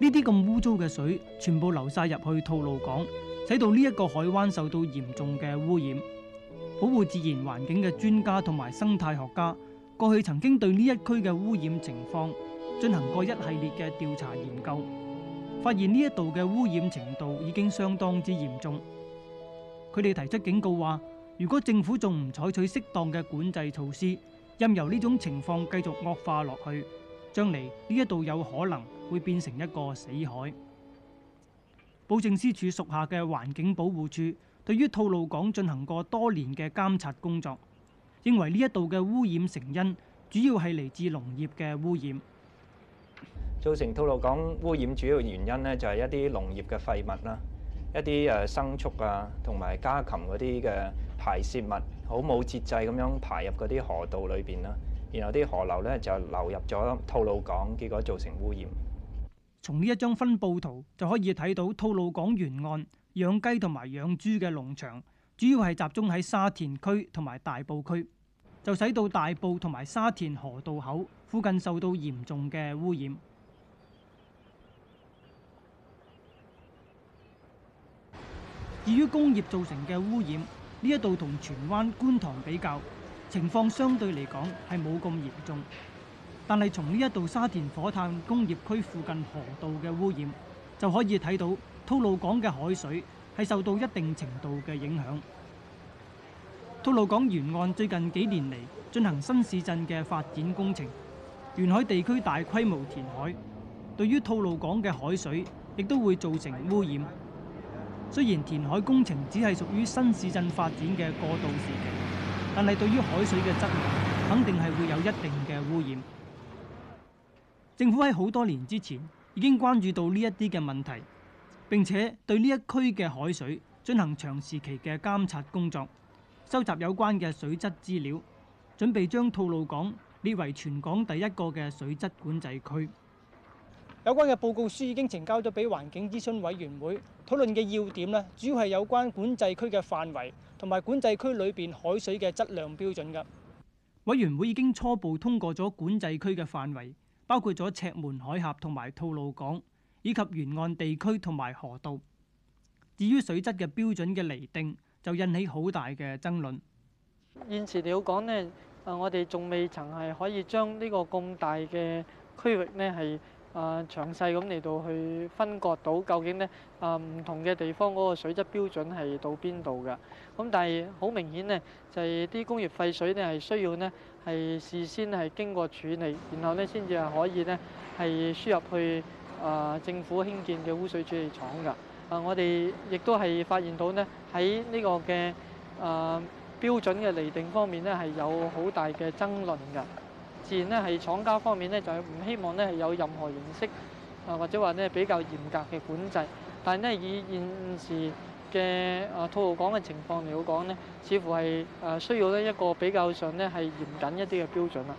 呢啲咁污糟嘅水，全部流晒入去吐露港，使到呢一個海灣受到嚴重嘅污染。保護自然環境嘅專家同埋生態學家，過去曾經對呢一區嘅污染情況進行過一系列嘅調查研究，發現呢一度嘅污染程度已經相當之嚴重。佢哋提出警告話，如果政府仲唔採取適當嘅管制措施，任由呢種情況繼續惡化落去，將來呢一度有可能會變成一個死海。布政司署屬下嘅環境保護處對於吐露港進行過多年嘅監察工作，認為呢一度嘅污染成因主要係嚟自農業嘅污染。造成吐露港污染主要原因呢，就係一啲農業嘅廢物啦，一啲誒牲畜啊同埋家禽嗰啲嘅排泄物，好冇節制咁樣排入嗰啲河道裏邊啦。然後啲河流咧就流入咗吐露港，結果造成污染。從呢一張分佈圖就可以睇到，吐露港沿岸養雞同埋養豬嘅農場，主要係集中喺沙田區同埋大埔區，就使到大埔同埋沙田河道口附近受到嚴重嘅污染。至於工業造成嘅污染，呢一度同荃灣觀塘比較，情況相對嚟講係冇咁嚴重。但係從呢一度沙田火炭工業區附近河道嘅污染，就可以睇到吐露港嘅海水係受到一定程度嘅影響。吐露港沿岸最近幾年嚟進行新市鎮嘅發展工程，沿海地區大規模填海，對於吐露港嘅海水亦都會造成污染。雖然填海工程只係屬於新市鎮發展嘅過渡時期，但係對於海水嘅質量肯定係會有一定嘅污染。政府喺好多年之前已經關注到呢一啲嘅問題，並且對呢一區嘅海水進行長時期嘅監察工作，收集有關嘅水質資料，準備將吐露港列為全港第一個嘅水質管制區。有關嘅報告書已經呈交咗俾環境諮詢委員會討論嘅要點咧，主要係有關管制區嘅範圍同埋管制區裏邊海水嘅質量標準嘅。委員會已經初步通過咗管制區嘅範圍。包括咗赤門海峽同埋吐露港，以及沿岸地區同埋河道。至於水質嘅標準嘅釐定，就引起好大嘅爭論。現時嚟講咧，啊，我哋仲未曾係可以將呢個咁大嘅區域咧係。啊，詳細咁嚟到去分割到究竟呢啊，唔同嘅地方嗰個水質標準係到邊度噶？咁但係好明顯呢，就係啲工業廢水呢係需要呢係事先係經過處理，然後呢先至係可以呢係輸入去啊政府興建嘅污水處理廠噶。啊，我哋亦都係發現到呢喺呢個嘅啊標準嘅釐定方面呢係有好大嘅爭論噶。自然咧，係廠家方面咧，就係唔希望咧係有任何形式啊，或者話咧比較嚴格嘅管制。但係咧，以現時嘅啊，吐露港嘅情況嚟講咧，似乎係誒需要咧一個比較上咧係嚴謹一啲嘅標準啦。